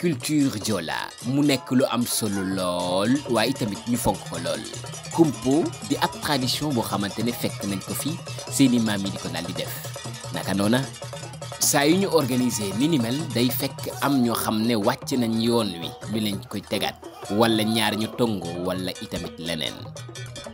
culture joola mu nekk lu am solo lool waaye tamit ñu fonk ko lool kumpo di ab tradition boo xamante ne fekk nañ ko fi seeni maam yi di ko daal di def naka noona saa yu ñu organiser ni ni day fekk am ñoo xam ne wàcc nañ yoon wi ñu leen koy tegaat walla ñaar ñu tongo wala itamit leneen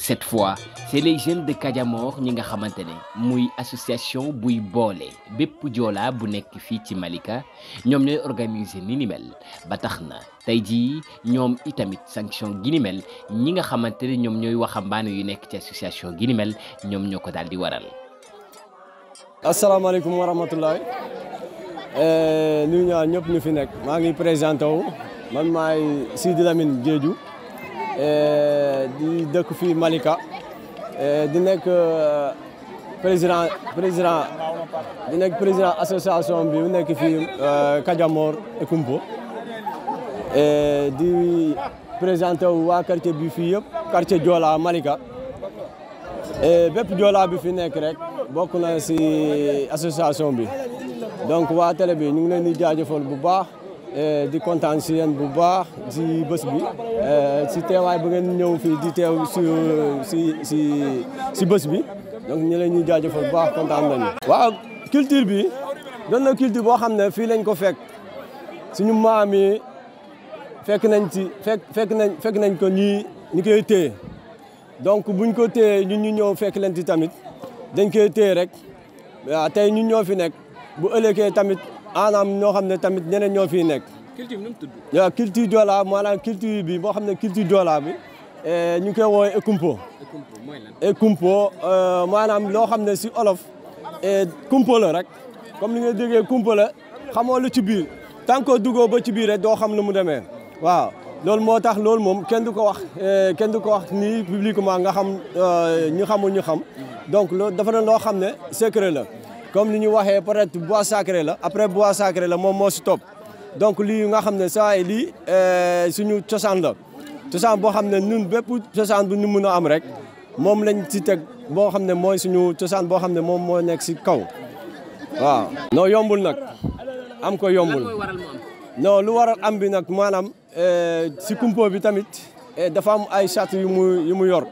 cette fois c'est les jeunes de Kadiamor ñi nga xamante ne muy association buy boole bépp joolaa bu nekk fii ci Malika ñoom ñooy organiser ni ni ba tax na tey ji ñoom itamit sanction gi ni ñi nga xamante ne ñoom ñooy waxambaane yu nekk ci association gi ni ñoom ñoo ko daal di waral. asalaamaaleykum wa rahmatulah eh, nuyu naa ñëpp ñu fi nekk maa ngi présenté man maay Sidi Lamine Diédhiou. Eh, di dëkk fii Malika eh, di nekk eh, président président di nekk président association bi nekk fii Kadiamor et Kumpo di présenté wu waa quartier bi fii yëpp quartier Joola Malika bépp Joola bi fi nekk rek bokk na si association bi donc waa télé bi ñu ngi leen di bu baax Eh, di kontaan si yéen bu baax si bés bi eh, si teewaay ba ngeen ñëw fii di teew si si si si bés bi donc ñu leen ñuy jaajëfal bu baax kontaan nañu. waaw culture bi doon na culture boo xam ne fii lañ ko fekk suñu maam yi fekk nañ ci fekk nañ fekk nañ ko ñi ñu koy téye donc buñ ko téye ñu ñu ñëw fekk leen ci tamit dañ koy téye rek waaw tey ñun ñoo fi nekk. bu ëllëgee tamit maanaam ñoo xam ne tamit ñeneen ñoo fiy nekk. culture bi nu mu culture Joola maanaam culture bi boo xam ne culture Joola bi eh, ñu ngi koy woowee ekumpo. ekumpo eh, maanaam loo xam ne si olof eh, kumpo la rek comme ni nga déggee kumpo la xamoo lu ci biir tant que duggoo ba ci biir rek doo xam lu mu demee waaw. loolu moo tax loolu moom kenn du ko wax kenn du ko wax nii publiquement nga xam ñu xamul ñu xam donc loolu dafa doon loo xam ne secret la. comme ni ñu waxee peut-être bois sacré la après bois sacré la moom moo si top donc lii nga xam ne saa yi lii euh, suñu cosaan la cosaan boo xam ne ñun bépp cosaan bu nu mun a am rek moom lañ si teg boo xam ne mooy suñu cosaan boo xam ne moom moo nekk si kaw waaw non yombul nag am ko yombul non lu war am bi nag maanaam euh, si kumpo bi tamit euh, dafa am ay charte yu mu yu mu yor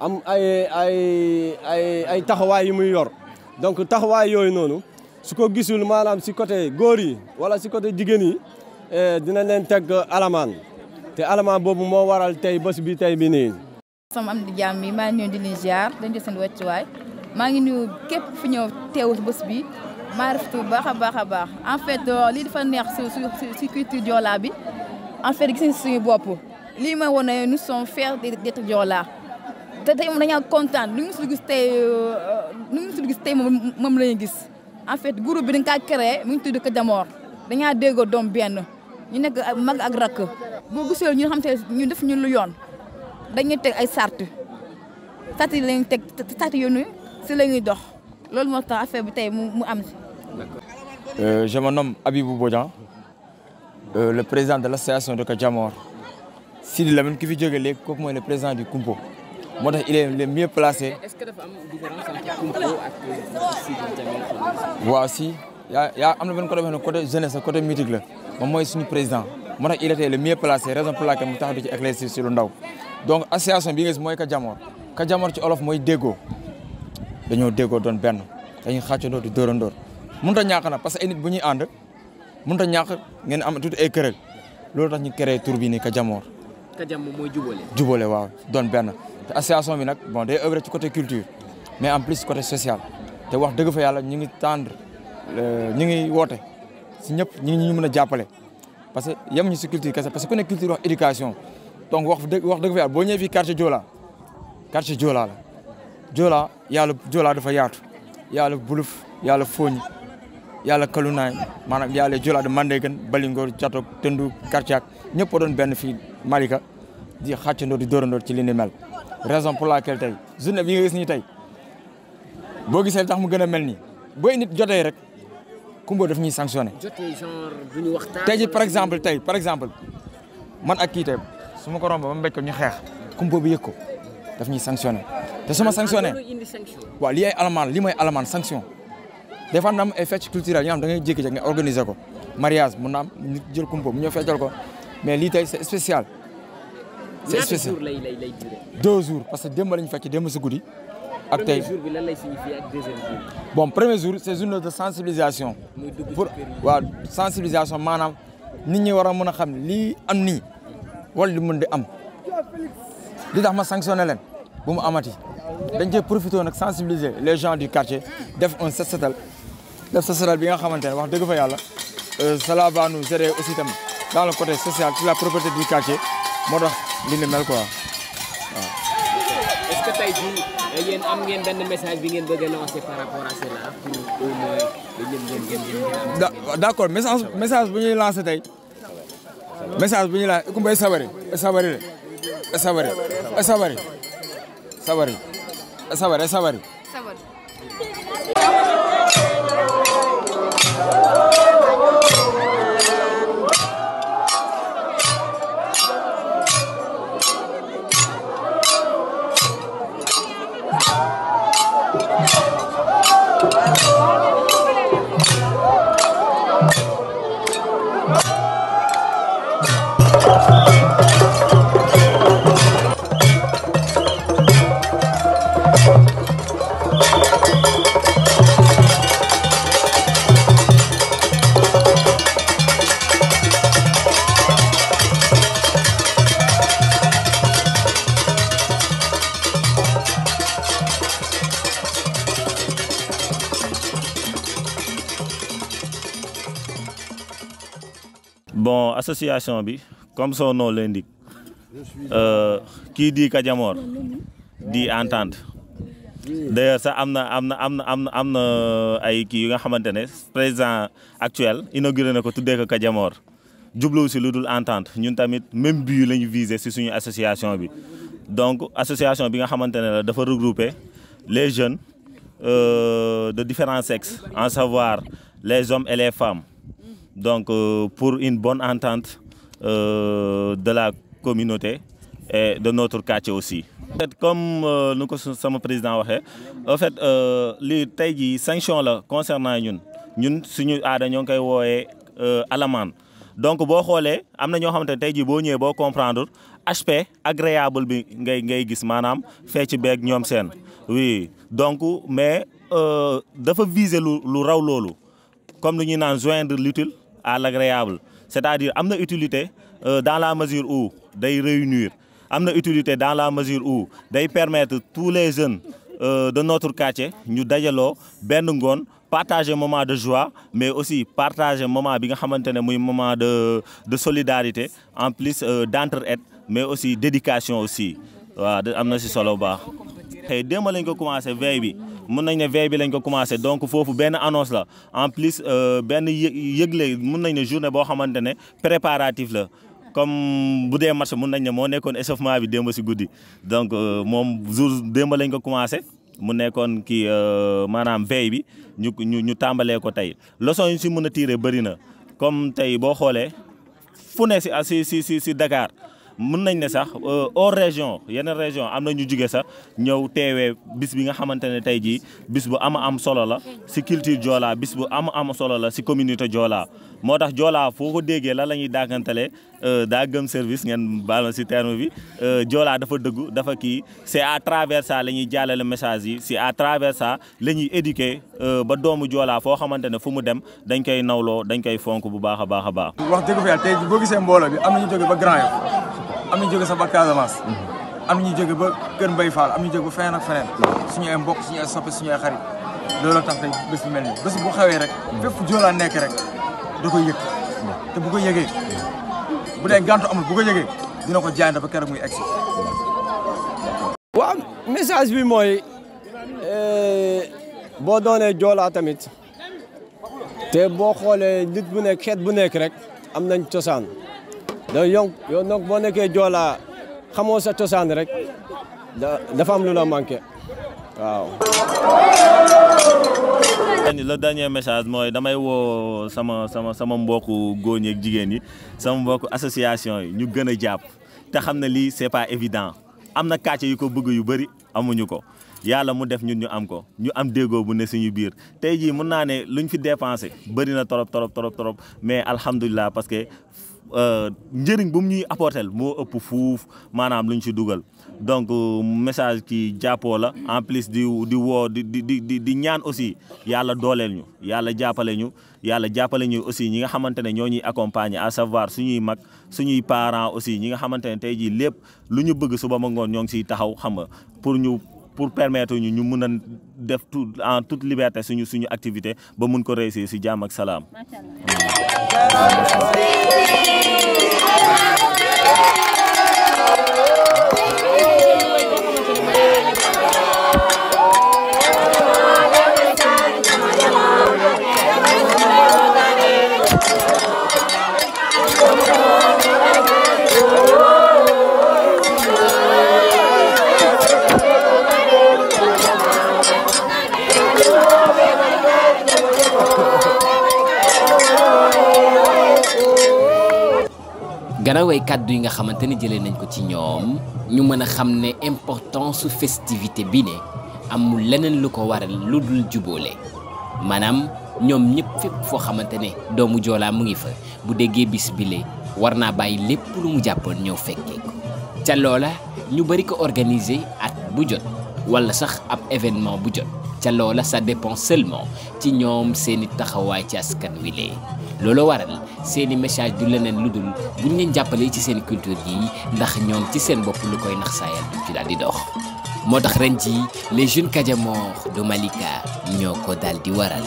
am ay ay ay ay taxawaay yu muy yor donc taxawaay yooyu noonu su ko gisul maanaam si côté góor yi wala si côté jigéen yi eh, dinañ leen teg alamaan te alamaan boobu moo waral tey bés bi tey bi nii. sama am di jàmm maa ngi nuyu di leen ziar dañ jël seen wàccuwaay maa ngi nuyu képp fi ñëw teewu bés bi maa rafetlu bu baax a baax a baax en fait euh, lii dafa neex si si culture Joola bi en fait gis nañ suñu bopp lii ma wane nous sommes fiers d'être te tey moom dañoo kontaan lu ñu musul gis tey lu euh, ñu musul gis tey moom moom la ñu gis en fait groupe bi dañ kaa créé mu ngi tudd Kadiamor dañaa déggoo doom benn ñu nekk mag ak rakk boo gisee ñu xam te ñu def ñu lu yoon dañuy teg ay sart sart yi lañuy teg sart yoonu si la ñuy dox loolu moo tax affaire bi tey mu am si. Euh, je me nomme Abibou Bodian euh, le président de l'association de Kadiamor Sidi Lamine ki fi jógee léegi kooku mooy le président du Kumpo. moo tax il est le mieux placé. est que dafa am si yaa yaa am na benn côté boo xam ne côté jeunesse ak côté mythique la moom mooy suñu président moo tax il était le mieux placé raison pour laquelle mu tax du ci éclaircir si lu ndaw. donc association bi nga gis mooy ka jamoor ka jamoor ci olof mooy déggoo dañoo déggoo doon benn dañuy xàccandoo di dóorandóor mënut a ñàkk nag parce que ay nit bu ñuy ànd mun a ñàkk ngeen am tuuti ay kërël loolu tax ñu créé tur bi nii ka jamoor. ka jamoor mooy waaw doon benn. te association bi nag bon day œuvrer ci côté culture mais en plus côté social te wax dëgg fa yàlla ñu ngi tendre euh, ñu ngi woote si ñëpp ñu ngi ñu mën a jàppale parce que yem ñu si culture kese parce que ku ne culture wax éducation donc wax dëgg wax dëgg fa boo ñëwee fii quartier Joola quartier Joola la Joola yàlla Joola dafa yaatu yàlla buluf yàlla fooñ yàlla kalunaay maanaam yàlla Joola de Mandégan Balingor Catok Tëndu Kartiak ñëpp a doon benn fii Malika di xàccandoo di dóorandoo ci li ni mel raison pour laquelle tey journée bi nga gis nii tey boo gisee tax mu gën a mel nii booy nit jotee rek kumbo daf ñuy sanctionné. jotee genre ji par exemple tey par exemple man ak kii tey su ma ko romb ba mu mbéj ko ñu xeex kumbo bu yëg ko daf ñuy sanctionné te su ma sanctionné waaw li ay alamaan li mooy alamaan sanction des fois na ay fecc culturel yoo xam da ngay jékki-jékki nga organiser ko mariage mun na am nit jël kumbo mu ñëw feccal ko mais lii te c'est ñaata jours lay lay lay duré. deux jours parce que démb lañu fekk démb si guddi. ak tey bi lan lay signifié ak deuxième jour. bon premier jour c' est une de sensibilisation. pour waaw sensibilisation maanaam nit ñi war a mën a xam lii am nii wala li mun di am li tax ma sanctionné leen bu mu amati dañ cee profité nag sensibiliser les gens du quartier def un set setal def set setal bi nga xamante ne wax dëgg fa yàlla euh, cela va nous aider aussi tamit dans le côté social sur la propriété du quartier li ni mel quoi waaw. est-ce que tey jii eh, yéen am ngeen benn message bi ngeen bëgg a lancer par rapport à cela pour au moins yéen ngeen ngeen message message bu ñuy lancer tey message bu ñuy lancer Koumba sabari sabari la sabari sabari sabari sabari sabari. association bi comme son nom l'indique euh, qui dit Kadiamor dit entente d'ailleurs sax am na am na am na am na am na ay kii yu nga xamante ne président actuel inauguré na ko tuddee ko Kadiamor jubluwu si lu dul entente ñun tamit même but la ñu visé si suñu association bi donc association bi nga xamante ne la dafa regrouper les jeunes euh, de différents sexes en savoir les hommes et les femmes donc euh, pour une bonne entente euh, de la communauté et de notre quartier aussi. En fait comme euh, nu ko sama président waxee en fait euh, li tey jii sanction la concernant ñun ñun suñu aada ñoo ngi koy wooyee alamaan donc boo xoolee am na ñoo xam ne tey jii boo ñëwee boo comprendre aspect agréable bi ngay ngay gis maanaam fecc beeg ñoom seen oui donc mais dafa viser lu lu raw loolu comme lu ñuy naan joindre l'utile à l'agréable c'est-à-dire am na utilité euh, dans la mesure où day réunir am na utilité dans la mesure où day permettre tous les jeunes euh, de nootre quartier ñu dajaloo benn ngoon partager moment de joie mais aussi partager moment bi nga xamante ne muy moment de de solidarité en plus dentre euh, d'entraide mais aussi d'éducation aussi waaw am na solo bu baax tey démb lañ ko commencé veille bi mun nañ ne veille bi lañ ko commencé donc foofu benn annonce la en plus euh, benn yë yëgle mun nañ ne journée boo xamante ne préparatif la comme bu dee match mun nañ ne moo nekkoon échauffement bi démb si guddi donc euh, moom jour démb lañ ko commencé. mu nekkoon kii euh, maanaam veille bi ñu ñu ñu tàmbalee ko tey leçon si mun a tirer bëri na comme tey boo xoolee fu ne si si si si mën nañ ne sax euh, hors région yeneen région am na ñu jóge sax ñëw teewee bis bi nga xamante ne tey jii bis bu am am solo la si culture Joola bis bu am am solo la si communauté Joola moo tax Joola foo ko déggee la la ñuy dàkkantale euh, daa gëm service ngeen baal si terme bi euh, Joola dafa dëggu dafa kii c'est à travers ça la ñuy jàllale message yi c'est à travers ça la ñuy éduquer ba doomu Joola foo xamante ne fu mu dem dañ koy nawloo dañ koy fonk bu baax a baax a baax. am ñu jóge sax ba Casamance. Mhm. am ñu jóge ba Kër Mbaye Fall am ñu jóge ba feneen ak feneen. Mhm. suñu ay mbokk suñu ay soppe suñu ay xarit loolu tax tey bés bu mel nii bés bu xewee rek. Mhm. fépp Joola nekk rek da koy yëg. te bu ko yëgee bu nekk gàntu amul bu ko yëgee dina ko jaay ba keroog muy egg si. message bi mooy eh, boo doonee Joola tamit te boo xoolee nit bu nekk xeet bu nekk rek am nañ cosaan. day yomb yow nag boo nekkee joolaa xamoo sa cosaan rek dafa am lu la manqué waaw. le dernier message mooy damay woo sama sama sama mbokku góor ñi jigéen ñi sama mbokku association yi ñu gën a jàpp te xam na lii c'est pas évident am na quartier yu ko bugg yu bëri amuñu ko yàlla mu def ñun ñu am ko ñu am déggoo bu ne suñu biir tey jii mën naa ne luñ fi dépensé bëri na torop torop torop torop mais alhamdulilah parce Euh, njëriñ bu mu ñuy apporter moo ëpp fuuf maanaam lu ñu si dugal donc euh, message ki jàppoo la en plus di di woo di di di di ñaan aussi yàlla dooleel ñu yàlla jàppale ñu yàlla jàppale ñu aussi ñi nga xamante ne ñoo ñuy accompagner à savoir suñuy mag suñuy parent aussi ñi nga xamante ne tey jii lépp lu ñu bëgg suba ma ngoon ñoo ngi siy taxaw xam nga pour ñu. pour permettre ñu ñu mun a def tout en toute liberté suñu suñu activité ba mun ko réussir si jàmm ak salaam. ganaaway kàddu yi nga xamante ne jëlee nañ ko ci ñoom ñu mën a xam ne importance su festivité bi ne amul leneen lu ko waral lu dul juboole maanaam ñoom ñëpp fépp foo xamante ne doomu joolaa mu ngi fa bu déggee bis bile war naa bàyyi lépp lu mu jàppoon ñëw fekkee ko ca loola ñu bari ko organiser at bu jot walla sax ab événement bu jot ca loola sa dépend selmon ci ñoom seeni taxawaay ci askan wi lee loolu waral seeni message du leneen lu dul buñ leen jàppalee ci seen culture yi ndax ñoom ci seen bopp lu koy nax saayal duñ ci daal di dox moo tax ren ji les jeunes Casamance de Malika ñoo ko daal di waral